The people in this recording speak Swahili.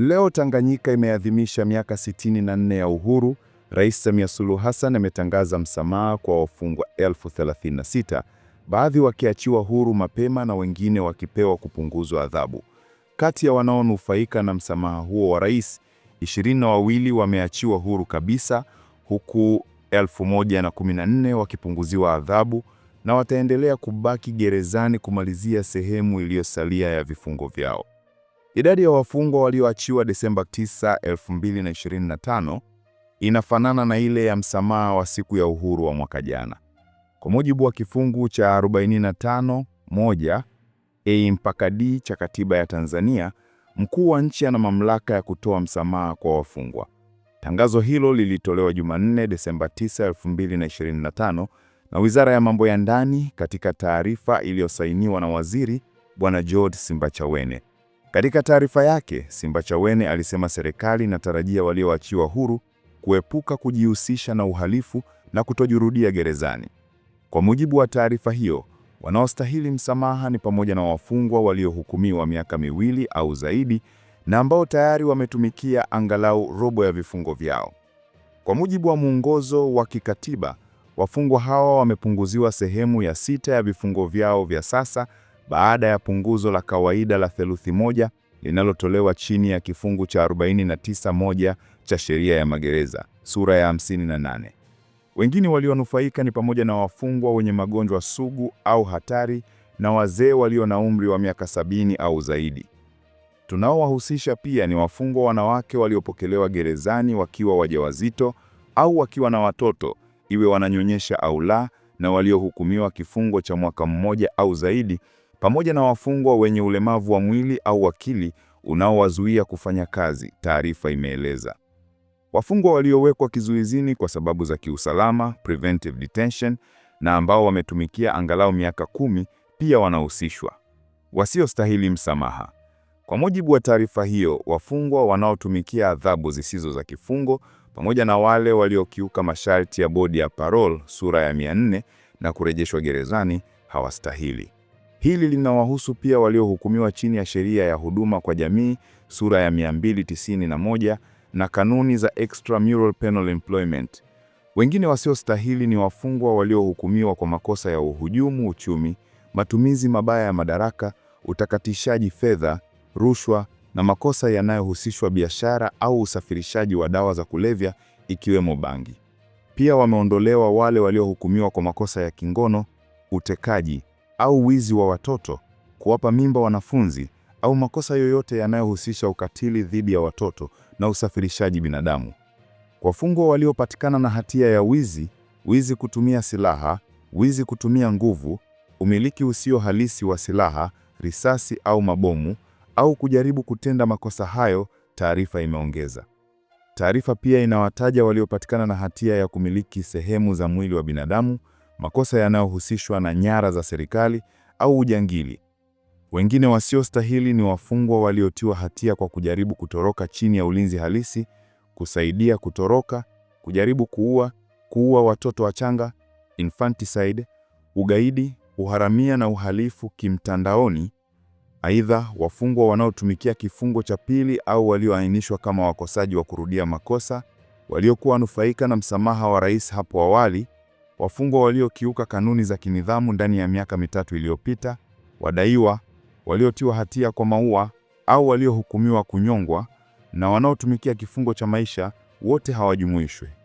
Leo Tanganyika imeadhimisha miaka 64 ya uhuru. Rais Samia Suluhu Hassan ametangaza msamaha kwa wafungwa 1036, baadhi wakiachiwa huru mapema na wengine wakipewa kupunguzwa adhabu. Kati ya wanaonufaika na msamaha huo wa rais, ishirini wawili wameachiwa huru kabisa, huku elfu wakipunguziwa adhabu na wataendelea kubaki gerezani kumalizia sehemu iliyosalia ya vifungo vyao. Idadi ya wafungwa walioachiwa Desemba 9, 2025 inafanana na ile ya msamaha wa siku ya uhuru wa mwaka jana. Kwa mujibu wa kifungu cha 45 1 A mpaka D cha Katiba ya Tanzania, mkuu wa nchi ana mamlaka ya kutoa msamaha kwa wafungwa. Tangazo hilo lilitolewa Jumanne, Desemba 9, 2025 na Wizara ya Mambo ya Ndani katika taarifa iliyosainiwa na Waziri Bwana George Simbachawene. Katika taarifa yake, Simbachawene alisema serikali inatarajia walioachiwa huru kuepuka kujihusisha na uhalifu na kutojurudia gerezani. Kwa mujibu wa taarifa hiyo, wanaostahili msamaha ni pamoja na wafungwa waliohukumiwa miaka miwili au zaidi na ambao tayari wametumikia angalau robo ya vifungo vyao. Kwa mujibu wa mwongozo wa kikatiba, wafungwa hawa wamepunguziwa sehemu ya sita ya vifungo vyao vya sasa baada ya punguzo la kawaida la theluthi moja linalotolewa chini ya kifungu cha 49(1) cha sheria ya magereza sura ya 58. Wengine walionufaika ni pamoja na wafungwa wenye magonjwa sugu au hatari na wazee walio na umri wa miaka sabini au zaidi. Tunaowahusisha pia ni wafungwa wanawake waliopokelewa gerezani wakiwa wajawazito au wakiwa na watoto, iwe wananyonyesha au la, na waliohukumiwa kifungo cha mwaka mmoja au zaidi pamoja na wafungwa wenye ulemavu wa mwili au akili unaowazuia kufanya kazi, taarifa imeeleza. Wafungwa waliowekwa kizuizini kwa sababu za kiusalama, preventive detention, na ambao wametumikia angalau miaka kumi pia wanahusishwa. Wasiostahili msamaha. Kwa mujibu wa taarifa hiyo, wafungwa wanaotumikia adhabu zisizo za kifungo pamoja na wale waliokiuka masharti ya bodi ya parole sura ya 400 na kurejeshwa gerezani hawastahili. Hili linawahusu pia waliohukumiwa chini ya sheria ya huduma kwa jamii sura ya 291 na kanuni za extramural penal employment. Wengine wasiostahili ni wafungwa waliohukumiwa kwa makosa ya uhujumu uchumi, matumizi mabaya ya madaraka, utakatishaji fedha, rushwa na makosa yanayohusishwa biashara au usafirishaji wa dawa za kulevya ikiwemo bangi. Pia wameondolewa wale waliohukumiwa kwa makosa ya kingono, utekaji au wizi wa watoto, kuwapa mimba wanafunzi au makosa yoyote yanayohusisha ukatili dhidi ya watoto na usafirishaji binadamu. Wafungwa waliopatikana na hatia ya wizi, wizi kutumia silaha, wizi kutumia nguvu, umiliki usio halisi wa silaha, risasi au mabomu au kujaribu kutenda makosa hayo, taarifa imeongeza. Taarifa pia inawataja waliopatikana na hatia ya kumiliki sehemu za mwili wa binadamu makosa yanayohusishwa na nyara za serikali au ujangili. Wengine wasiostahili ni wafungwa waliotiwa hatia kwa kujaribu kutoroka chini ya ulinzi halisi, kusaidia kutoroka, kujaribu kuua, kuua watoto wachanga, infanticide, ugaidi, uharamia na uhalifu kimtandaoni. Aidha, wafungwa wanaotumikia kifungo cha pili au walioainishwa kama wakosaji wa kurudia makosa waliokuwa wanufaika na msamaha wa rais hapo awali wafungwa waliokiuka kanuni za kinidhamu ndani ya miaka mitatu iliyopita, wadaiwa waliotiwa hatia kwa maua au waliohukumiwa kunyongwa na wanaotumikia kifungo cha maisha, wote hawajumuishwi.